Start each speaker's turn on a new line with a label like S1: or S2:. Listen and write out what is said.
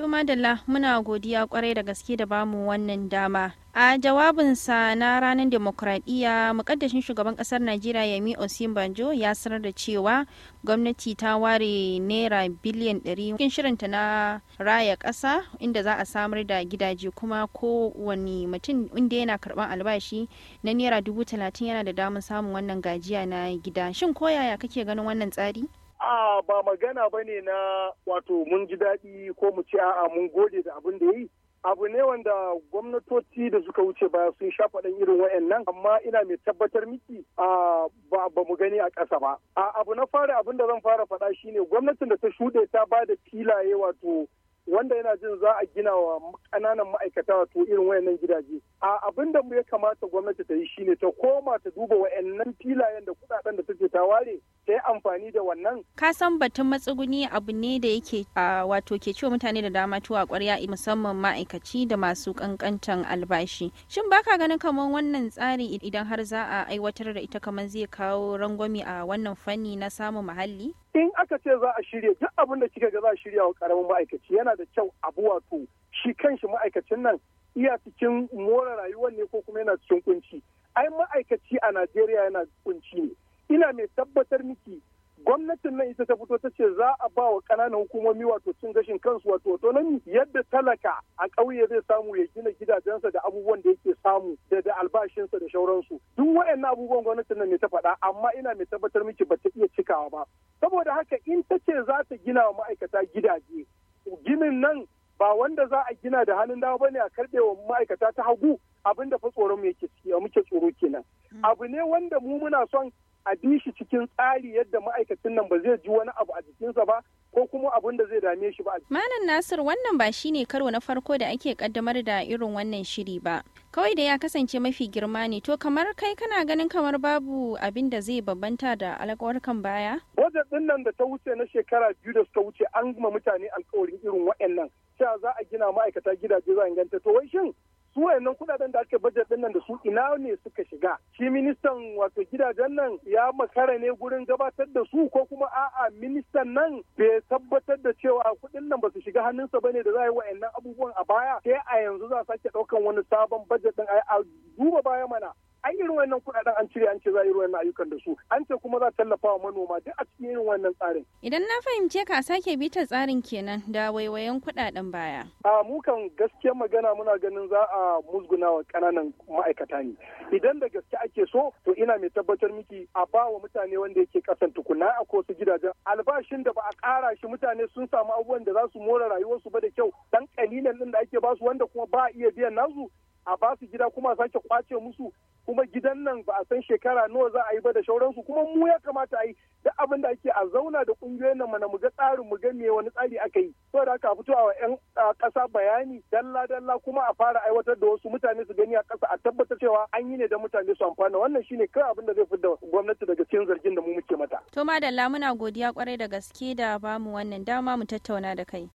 S1: To Madalla muna godiya kwarai da gaske da bamu wannan dama. A jawabinsa na ranar demokradiyya mukaddashin shugaban kasar Najeriya Yemi Osinbajo ya sanar da cewa gwamnati ta ware naira biliyan 100 cikin shirinta na raya ƙasa inda za a samar da gidaje kuma kowane mutum inda yana karban albashi na naira dubu talatin yana da damar samun wannan gajiya na gida. Shin koyaya kake ganin wannan tsari?
S2: A'a ba magana ba ne na wato mun ji daɗi ko mu ce a mun gode da abin da ya yi. Abu ne wanda gwamnatoci da suka wuce ba sun sha faɗin irin wa'annan amma ina mai tabbatar miki a ba mu gani a ƙasa ba. A abu na fara abin da zan fara faɗa shine gwamnatin da ta shuɗe ta ba da filaye wato wanda yana jin za a gina wa ƙananan ma'aikata wato irin wayannan gidaje a abin da ya kamata gwamnati ta yi shine ta koma ta duba wayannan filayen da kuɗaɗen da take ta ware ta amfani da wannan.
S1: Ka san batun matsuguni abu ne da yake wato ke ciwo mutane da dama tuwa kwarya musamman ma'aikaci da masu ƙanƙantan albashi. Shin baka ganin kamar wannan tsari idan har za a aiwatar da ita kamar zai kawo rangwami a wannan fanni na samun muhalli?
S2: In aka ce za a shirya duk abin da kika ga za a shirya wa karamin ma'aikaci yana da kyau abu wato shi kanshi ma'aikacin nan iya cikin more rayuwar ne ko kuma yana cikin kunci. Ai ma'aikaci a Najeriya yana kunci ne. ina mai tabbatar miki gwamnatin nan ita ta fito ta ce za a ba wa ƙananan hukumomi wato cin gashin kansu wato nan yadda talaka a ƙauye zai samu ya gina gidajensa da abubuwan da yake samu da da albashinsa da shauransu duk waɗannan abubuwan gwamnatin nan ne ta faɗa amma ina mai tabbatar miki ba ta iya cikawa ba saboda haka in ta ce za ta gina wa ma'aikata gidaje ginin nan ba wanda za a gina da hannun dama bane a karɓe wa ma'aikata ta hagu abinda fa tsoron mu yake ciki muke tsoro kenan hmm. abu ne wanda mu muna son a bi shi cikin tsari yadda ma'aikacin nan ba zai ji wani abu a jikinsa ba ko kuma abin da zai dame shi ba.
S1: Malam Nasir wannan ba shi ne karo na farko da ake kaddamar da irin wannan shiri ba. Kawai da ya kasance mafi girma ne to kamar kai kana ganin kamar babu abin da zai bambanta da alƙawarkan
S2: baya? Wajen ɗin nan da ta wuce na shekara biyu da suka wuce an ma mutane alƙawarin irin waɗannan. Cewa za a gina ma'aikata gidaje za a inganta to wai shin su wayannan kudaden da ake bajet din nan da su ina ne suka shiga shi ministan wato gidajen nan ya makara ne gurin gabatar da su ko kuma a'a ministan nan bai tabbatar da cewa kudin nan ba su shiga hannunsa ne da za a yi wayannan abubuwan a baya sai a yanzu za sake daukan wani sabon bajet din a duba baya mana an yi nan kuɗaɗen an cire an ce za a yi ruwan ayyukan da su an ce kuma za a tallafa wa manoma duk a cikin irin wannan tsarin.
S1: Idan na fahimce ka sake bitar tsarin kenan da waiwayen kuɗaɗen baya.
S2: A mu kan gaskiyar magana muna ganin za a musguna wa ƙananan ma'aikata ne. Idan da gaske ake so to ina mai tabbatar miki a ba wa mutane wanda yake kasan tukuna a ko su gidajen albashin da ba a ƙara shi mutane sun samu abubuwan da za su more rayuwarsu ba da kyau dan ƙalilan ɗin da ake basu wanda kuma ba a iya biyan nasu a ba su gida kuma sake kwace musu kuma gidan nan ba a san shekara nawa za a yi ba da shauransu kuma mu ya kamata a yi duk abin da ake a zauna da kungiyoyin nan mana mu ga tsarin mu ga me wani tsari aka yi da haka fito a yan kasa bayani dalla dalla kuma a fara aiwatar da wasu mutane su gani a kasa a tabbatar cewa an yi ne da mutane su amfana wannan shine kai abin da zai fi da gwamnati daga cikin zargin da mu muke mata to
S1: madalla muna godiya kwarai da gaske da bamu wannan dama mu tattauna da kai